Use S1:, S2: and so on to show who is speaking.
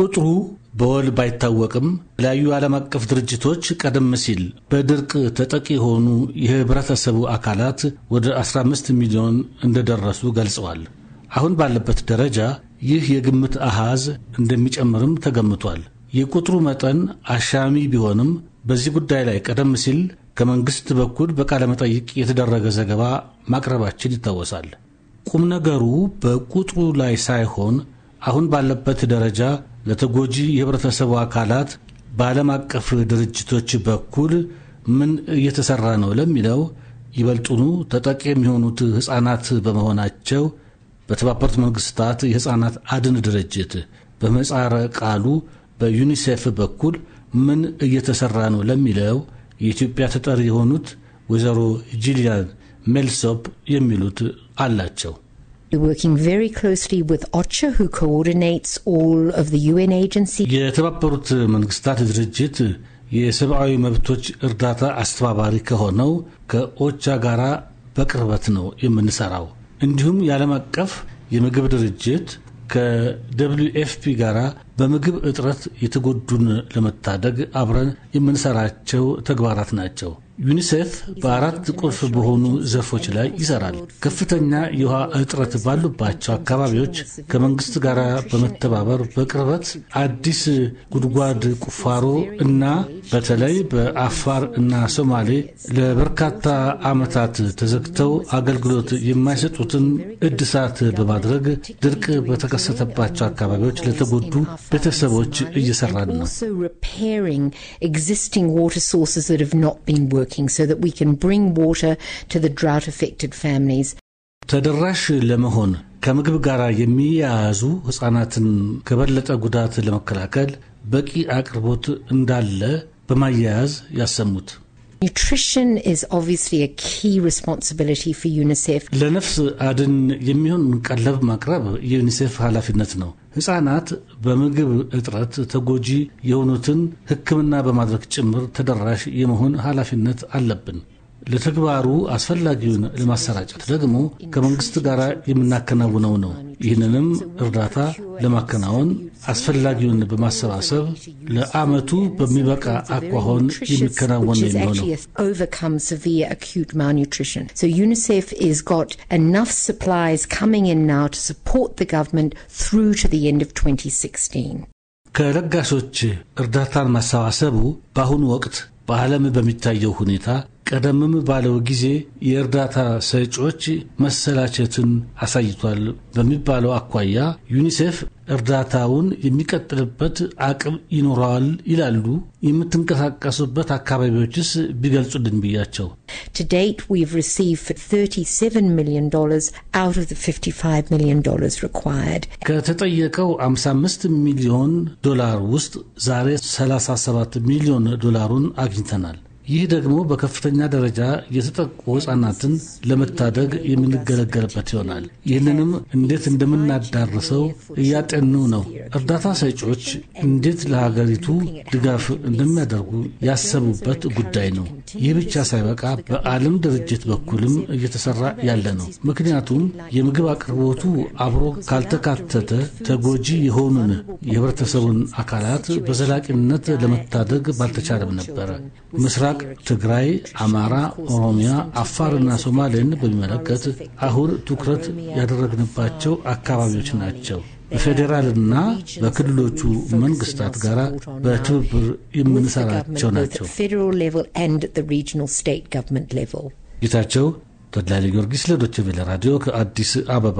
S1: ቁጥሩ በወል ባይታወቅም የተለያዩ ዓለም አቀፍ ድርጅቶች ቀደም ሲል በድርቅ ተጠቂ የሆኑ የህብረተሰቡ አካላት ወደ 15 ሚሊዮን እንደደረሱ ገልጸዋል። አሁን ባለበት ደረጃ ይህ የግምት አሃዝ እንደሚጨምርም ተገምቷል። የቁጥሩ መጠን አሻሚ ቢሆንም በዚህ ጉዳይ ላይ ቀደም ሲል ከመንግሥት በኩል በቃለመጠይቅ የተደረገ ዘገባ ማቅረባችን ይታወሳል። ቁም ነገሩ በቁጥሩ ላይ ሳይሆን አሁን ባለበት ደረጃ ለተጎጂ የህብረተሰቡ አካላት በዓለም አቀፍ ድርጅቶች በኩል ምን እየተሰራ ነው ለሚለው ይበልጡኑ ተጠቂ የሚሆኑት ሕፃናት በመሆናቸው በተባበሩት መንግስታት የህፃናት አድን ድርጅት በመጻረ ቃሉ በዩኒሴፍ በኩል ምን እየተሰራ ነው ለሚለው የኢትዮጵያ ተጠሪ የሆኑት ወይዘሮ ጂሊያን ሜልሶፕ የሚሉት አላቸው። የተባበሩት መንግስታት ድርጅት የሰብአዊ መብቶች እርዳታ አስተባባሪ ከሆነው ከኦቻ ጋራ በቅርበት ነው የምንሰራው። እንዲሁም የዓለም አቀፍ የምግብ ድርጅት ከደብሊው ኤፍፒ ጋር በምግብ እጥረት የተጎዱን ለመታደግ አብረን የምንሰራቸው ተግባራት ናቸው። ዩኒሴፍ በአራት ቁልፍ በሆኑ ዘርፎች ላይ ይሰራል። ከፍተኛ የውሃ እጥረት ባሉባቸው አካባቢዎች ከመንግስት ጋር በመተባበር በቅርበት አዲስ ጉድጓድ ቁፋሮ እና በተለይ በአፋር እና ሶማሌ ለበርካታ ዓመታት ተዘግተው አገልግሎት የማይሰጡትን እድሳት በማድረግ ድርቅ በተከሰተባቸው አካባቢዎች ለተጎዱ ቤተሰቦች እየሰራን ነው።
S2: working so that we can bring water to the drought affected families.
S1: ተደራሽ ለመሆን ከምግብ ጋር የሚያያዙ ከበለጠ ጉዳት ለመከላከል በቂ አቅርቦት እንዳለ በማያያዝ ያሰሙት
S2: Nutrition is obviously a key responsibility for UNICEF.
S1: ለነፍስ አድን የሚሆን ቀለብ ማቅረብ የዩኒሴፍ ኃላፊነት ነው። ሕፃናት በምግብ እጥረት ተጎጂ የሆኑትን ሕክምና በማድረግ ጭምር ተደራሽ የመሆን ኃላፊነት አለብን። ለተግባሩ አስፈላጊውን ለማሰራጨት ደግሞ ከመንግስት ጋር የምናከናውነው ነው። ይህንንም እርዳታ ለማከናወን አስፈላጊውን በማሰባሰብ ለአመቱ በሚበቃ አኳሆን የሚከናወን ነው የሚሆነው።
S2: UNICEF has got enough 2016.
S1: ከለጋሾች እርዳታን ማሰባሰቡ በአሁኑ ወቅት በዓለም በሚታየው ሁኔታ ቀደምም ባለው ጊዜ የእርዳታ ሰጪዎች መሰላቸትን አሳይቷል በሚባለው አኳያ ዩኒሴፍ እርዳታውን የሚቀጥልበት አቅም ይኖረዋል ይላሉ። የምትንቀሳቀሱበት አካባቢዎችስ ቢገልጹልን ብያቸው።
S2: To date we've received 37 million out of the 55 million required.
S1: ከተጠየቀው 55 ሚሊዮን ዶላር ውስጥ ዛሬ 37 ሚሊዮን ዶላሩን አግኝተናል። ይህ ደግሞ በከፍተኛ ደረጃ የተጠቁ ህጻናትን ለመታደግ የምንገለገልበት ይሆናል። ይህንንም እንዴት እንደምናዳርሰው እያጤኑ ነው። እርዳታ ሰጪዎች እንዴት ለሀገሪቱ ድጋፍ እንደሚያደርጉ ያሰቡበት ጉዳይ ነው። ይህ ብቻ ሳይበቃ በዓለም ድርጅት በኩልም እየተሰራ ያለ ነው። ምክንያቱም የምግብ አቅርቦቱ አብሮ ካልተካተተ ተጎጂ የሆኑን የህብረተሰቡን አካላት በዘላቂነት ለመታደግ ባልተቻለም ነበረ ምስራቅ ምስራቅ ትግራይ፣ አማራ፣ ኦሮሚያ፣ አፋርና ሶማሌን በሚመለከት አሁን ትኩረት ያደረግንባቸው አካባቢዎች ናቸው። በፌዴራልና በክልሎቹ መንግስታት ጋር በትብብር የምንሰራቸው ናቸው። ጌታቸው ተድላ ጊዮርጊስ ለዶይቼ ቬለ ራዲዮ ከአዲስ አበባ